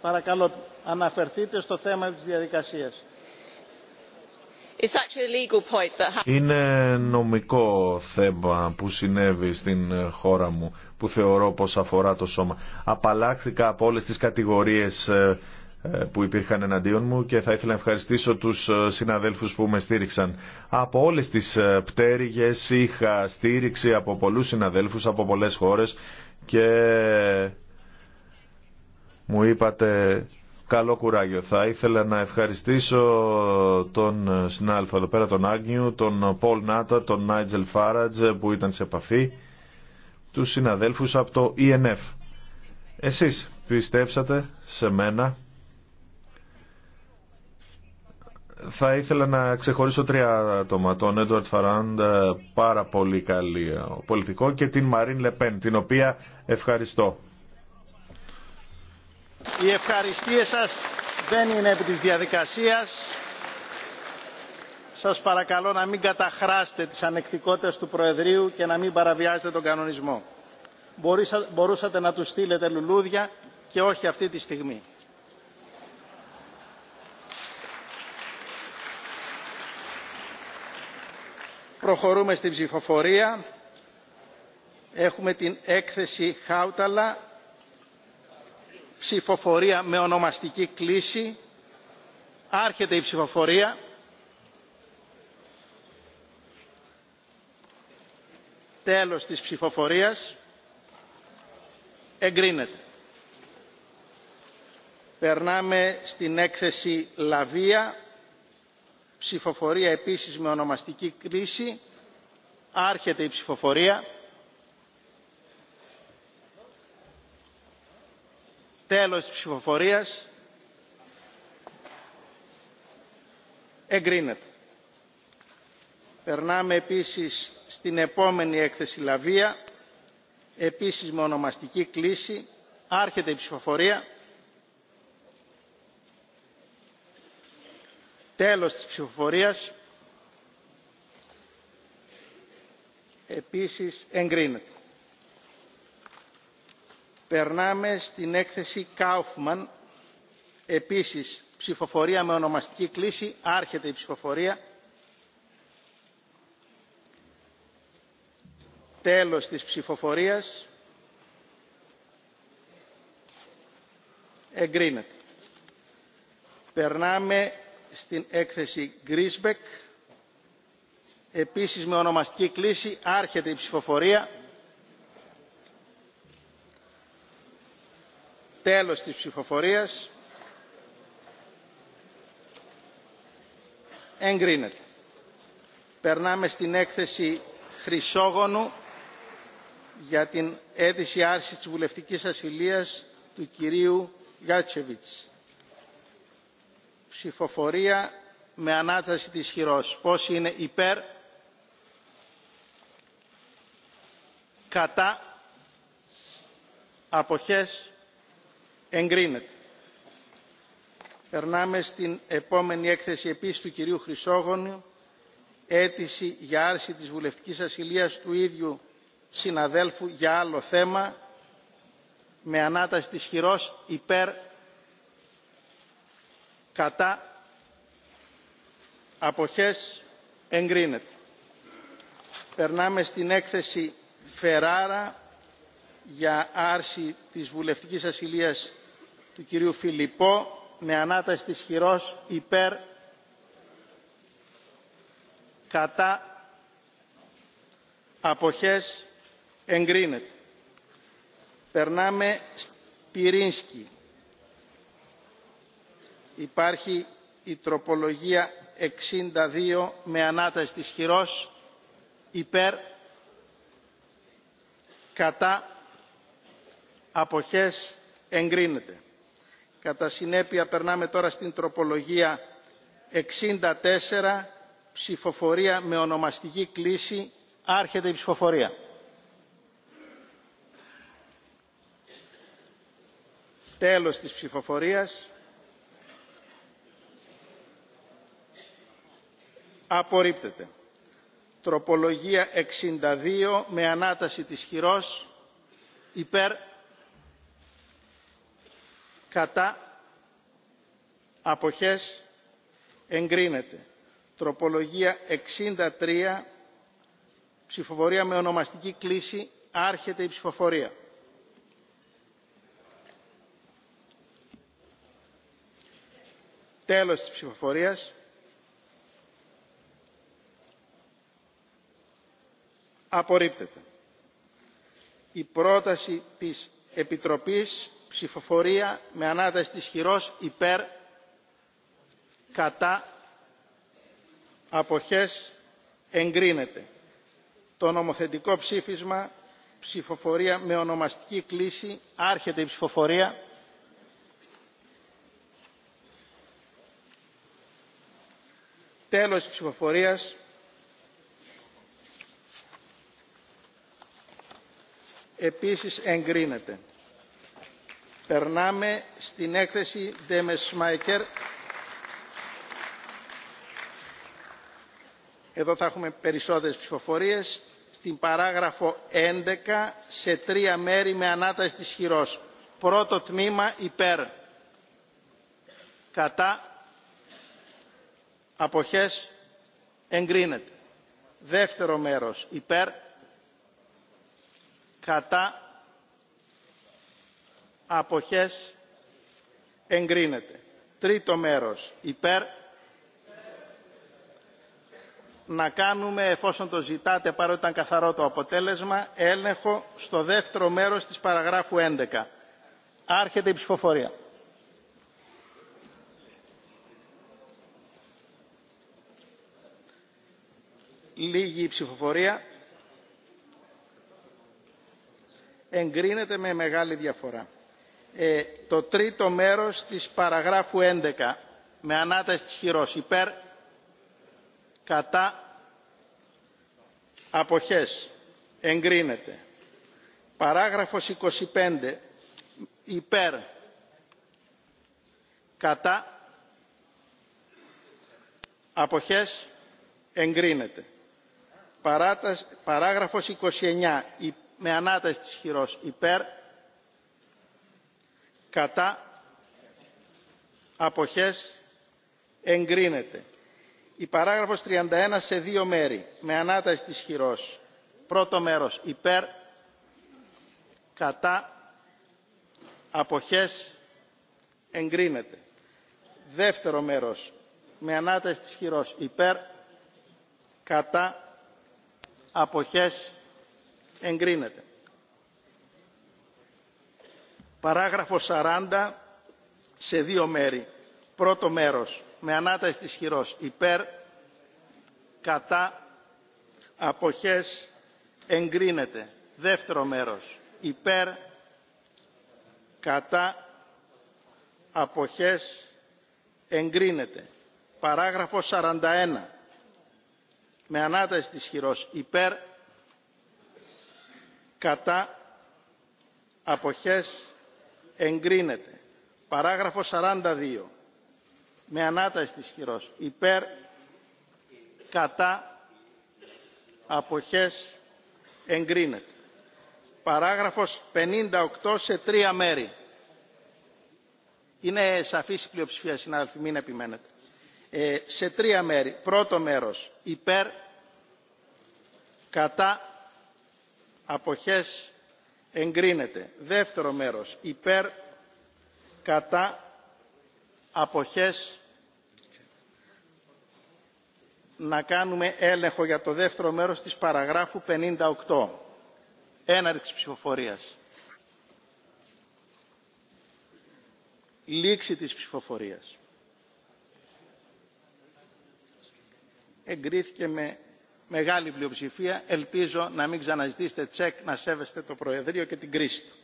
παρακαλώ αναφερθείτε στο θέμα της διαδικασίας. Είναι νομικό θέμα που συνέβη στην χώρα μου, που θεωρώ πως αφορά το σώμα. Απαλλάχθηκα από όλες τις κατηγορίες ε, ε, που υπήρχαν εναντίον μου και θα ήθελα να ευχαριστήσω τους ε, συναδέλφους που με στήριξαν. Από όλες τις πτέρυγες είχα στήριξη από πολλούς συναδέλφους από πολλές χώρες και μου είπατε καλό κουράγιο. Θα ήθελα να ευχαριστήσω τον ε, συνάδελφο εδώ πέρα, τον Άγνιου, τον ε, Πολ Νάτα, τον Νάιτζελ Φάρατζ που ήταν σε επαφή, τους συναδέλφους από το ENF. Εσείς πιστέψατε σε μένα. Θα ήθελα να ξεχωρίσω τρία άτομα. Τον Έντουαρτ Φαράντ, πάρα πολύ καλή ε, πολιτικό, και την Μαρίν Λεπέν, την οποία ευχαριστώ. Οι ευχαριστίες σας δεν είναι επί της διαδικασίας. Σας παρακαλώ να μην καταχράσετε τις ανεκτικότητες του προεδρίου και να μην παραβιάζετε τον κανονισμό. Μπορούσατε να του στείλετε λουλούδια και όχι αυτή τη στιγμή. Προχωρούμε στην ψηφοφορία. Έχουμε την έκθεση Χάουταλα ψηφοφορία με ονομαστική κλίση. Άρχεται η ψηφοφορία. Τέλος της ψηφοφορίας. Εγκρίνεται. Περνάμε στην έκθεση Λαβία. Ψηφοφορία επίσης με ονομαστική κλίση. Άρχεται η ψηφοφορία. Τέλος της ψηφοφορίας. Εγκρίνεται. Περνάμε επίσης στην επόμενη έκθεση Λαβία, επίσης με ονομαστική κλίση, άρχεται η ψηφοφορία. Τέλος της ψηφοφορίας. Επίσης εγκρίνεται. Περνάμε στην έκθεση Κάουφμαν, Επίσης, ψηφοφορία με ονομαστική κλίση. Άρχεται η ψηφοφορία. Τέλος της ψηφοφορίας. Εγκρίνεται. Περνάμε στην έκθεση Γκρίσμπεκ. Επίσης με ονομαστική κλίση άρχεται η ψηφοφορία. Τέλος της ψηφοφορίας. Εγκρίνεται. Περνάμε στην έκθεση Χρυσόγονου για την αίτηση άρση της βουλευτικής ασυλίας του κυρίου Γιάτσεβιτς. Ψηφοφορία με ανάταση της χειρός. Πώς είναι υπέρ, κατά, αποχές, εγκρίνεται. Περνάμε στην επόμενη έκθεση επίσης του κυρίου Χρυσόγονου, αίτηση για άρση της βουλευτικής ασυλίας του ίδιου συναδέλφου για άλλο θέμα, με ανάταση της χειρός υπέρ κατά αποχές εγκρίνεται. Περνάμε στην έκθεση Φεράρα για άρση της βουλευτικής ασυλίας του κυρίου Φιλιππό με ανάταση της χειρός υπέρ κατά αποχές εγκρίνεται. Περνάμε Πυρίνσκη. Υπάρχει η τροπολογία 62 με ανάταση της χειρός υπέρ κατά αποχές εγκρίνεται. Κατά συνέπεια περνάμε τώρα στην τροπολογία 64 ψηφοφορία με ονομαστική κλίση. Άρχεται η ψηφοφορία. Τέλος της ψηφοφορίας. Απορρίπτεται. Τροπολογία 62 με ανάταση της χειρός υπέρ κατά αποχές εγκρίνεται τροπολογία 63 ψηφοφορία με ονομαστική κλίση άρχεται η ψηφοφορία τέλος της ψηφοφορίας απορρίπτεται η πρόταση της επιτροπής ψηφοφορία με ανάταση της χειρός υπέρ κατά αποχές εγκρίνεται. Το νομοθετικό ψήφισμα ψηφοφορία με ονομαστική κλίση άρχεται η ψηφοφορία. Τέλος της ψηφοφορίας. Επίσης εγκρίνεται. Περνάμε στην έκθεση Demesmaeker. Εδώ θα έχουμε περισσότερες ψηφοφορίες. Στην παράγραφο 11 σε τρία μέρη με ανάταση της χειρός. Πρώτο τμήμα υπέρ. Κατά. Αποχές. Εγκρίνεται. Δεύτερο μέρος υπέρ. Κατά αποχές εγκρίνεται. Τρίτο μέρος υπέρ να κάνουμε εφόσον το ζητάτε παρότι ήταν καθαρό το αποτέλεσμα έλεγχο στο δεύτερο μέρος της παραγράφου 11. Άρχεται η ψηφοφορία. Λίγη η ψηφοφορία. Εγκρίνεται με μεγάλη διαφορά. Ε, το τρίτο μέρος της παραγράφου 11 με ανάταση της χειρός υπέρ κατά αποχές εγκρίνεται παράγραφος 25 υπέρ κατά αποχές εγκρίνεται παράγραφος 29 με ανάταση της χειρός υπέρ κατά αποχές εγκρίνεται. Η παράγραφος 31 σε δύο μέρη με ανάταση της χειρός. Πρώτο μέρος υπέρ κατά αποχές εγκρίνεται. Δεύτερο μέρος με ανάταση της χειρός υπέρ κατά αποχές εγκρίνεται. Παράγραφο 40 σε δύο μέρη. Πρώτο μέρος με ανάταση της χειρός υπέρ κατά αποχές εγκρίνεται. Δεύτερο μέρος υπέρ κατά αποχές εγκρίνεται. Παράγραφο 41 με ανάταση της χειρός υπέρ κατά αποχές εγκρίνεται. Παράγραφος 42. Με ανάταση της χειρός. Υπέρ, κατά, αποχές, εγκρίνεται. Παράγραφος 58 σε τρία μέρη. Είναι σαφής η πλειοψηφία, συνάδελφοι, μην επιμένετε. Ε, σε τρία μέρη. Πρώτο μέρος, υπέρ, κατά, αποχές, εγκρίνεται. Δεύτερο μέρος υπέρ κατά αποχές να κάνουμε έλεγχο για το δεύτερο μέρος της παραγράφου 58. Έναρξη ψηφοφορίας. Λήξη της ψηφοφορίας. Εγκρίθηκε με μεγάλη πλειοψηφία ελπίζω να μην ξαναζητήσετε τσεκ να σέβεστε το προεδρείο και την κρίση του.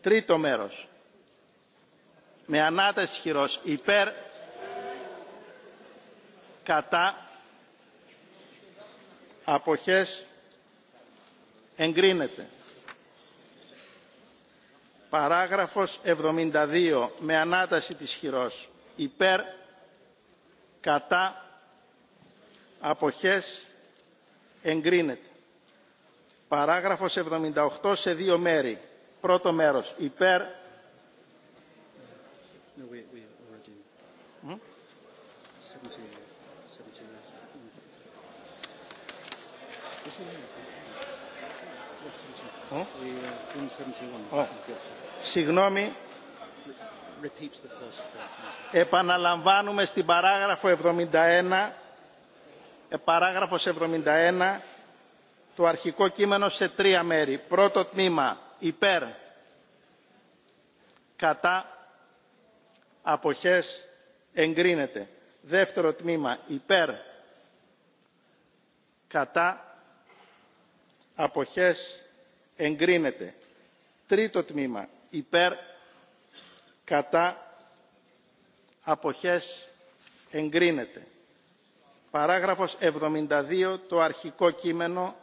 τρίτο μέρος με ανάταση χειρός υπέρ κατά αποχές εγκρίνεται παράγραφος 72 με ανάταση της χειρός υπέρ κατά αποχές εγκρίνεται. Παράγραφος 78 σε δύο μέρη. Πρώτο μέρος υπέρ... No, uh, Συγγνώμη, επαναλαμβάνουμε στην παράγραφο 71 παράγραφος 71 το αρχικό κείμενο σε τρία μέρη. Πρώτο τμήμα υπέρ κατά αποχές εγκρίνεται. Δεύτερο τμήμα υπέρ κατά αποχές εγκρίνεται. Τρίτο τμήμα υπέρ κατά αποχές εγκρίνεται παράγραφος 72 το αρχικό κείμενο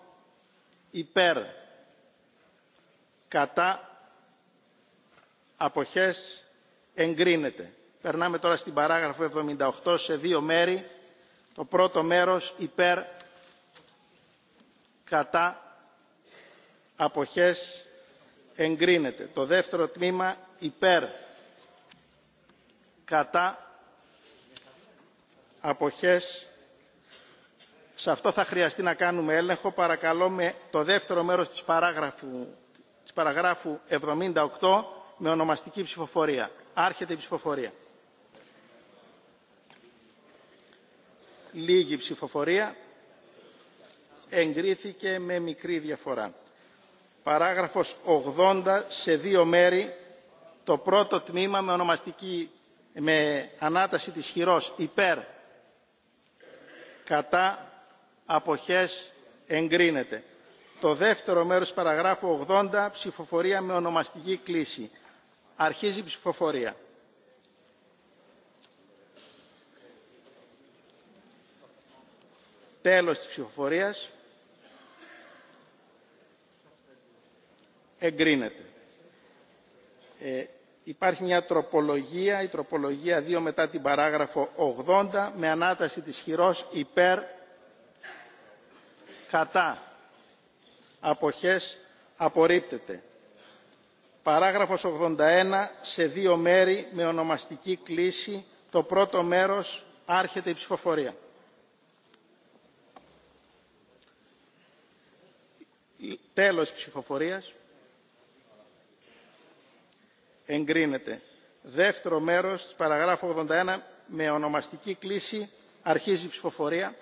υπέρ κατά αποχές εγκρίνεται. Περνάμε τώρα στην παράγραφο 78 σε δύο μέρη. Το πρώτο μέρος υπέρ κατά αποχές εγκρίνεται. Το δεύτερο τμήμα υπέρ κατά αποχές σε αυτό θα χρειαστεί να κάνουμε έλεγχο. Παρακαλώ με το δεύτερο μέρος της παράγραφου, της παραγράφου 78 με ονομαστική ψηφοφορία. Άρχεται η ψηφοφορία. Λίγη ψηφοφορία. Εγκρίθηκε με μικρή διαφορά. Παράγραφος 80 σε δύο μέρη. Το πρώτο τμήμα με ονομαστική με ανάταση της χειρός υπέρ κατά αποχές εγκρίνεται. Το δεύτερο μέρος παραγράφου 80 ψηφοφορία με ονομαστική κλίση. Αρχίζει η ψηφοφορία. Τέλος της ψηφοφορίας. Εγκρίνεται. Ε, υπάρχει μια τροπολογία, η τροπολογία 2 μετά την παράγραφο 80 με ανάταση της χειρός υπέρ κατά αποχές απορρίπτεται παράγραφος 81 σε δύο μέρη με ονομαστική κλίση το πρώτο μέρος άρχεται η ψηφοφορία τέλος ψηφοφορίας εγκρίνεται δεύτερο μέρος της παραγράφου 81 με ονομαστική κλίση αρχίζει η ψηφοφορία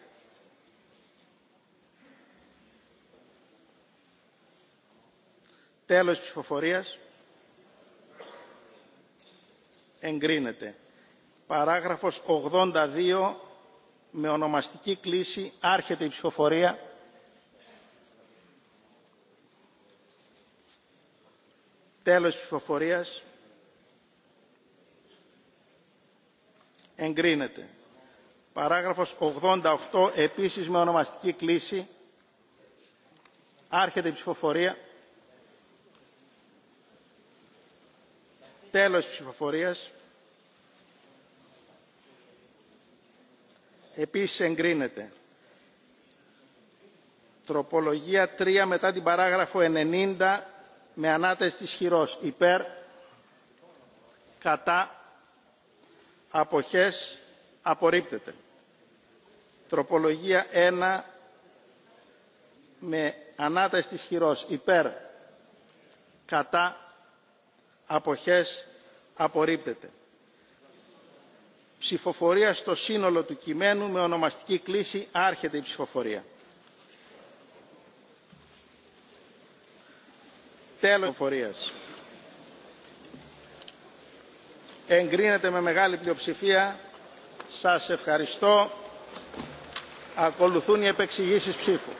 Τέλος ψηφοφορίας. Εγκρίνεται. Παράγραφος 82 με ονομαστική κλίση άρχεται η ψηφοφορία. Τέλος ψηφοφορίας. Εγκρίνεται. Παράγραφος 88 επίσης με ονομαστική κλίση άρχεται η ψηφοφορία. Τέλος της ψηφοφορίας. Επίσης εγκρίνεται. Τροπολογία 3 μετά την παράγραφο 90 με ανάταση της χειρός. Υπέρ, κατά, αποχές, απορρίπτεται. Τροπολογία 1 με ανάταση της χειρός. Υπέρ, κατά, αποχές απορρίπτεται. Ψηφοφορία στο σύνολο του κειμένου με ονομαστική κλίση άρχεται η ψηφοφορία. Τέλος ψηφοφορίας. Εγκρίνεται με μεγάλη πλειοψηφία. Σας ευχαριστώ. Ακολουθούν οι επεξηγήσεις ψήφου.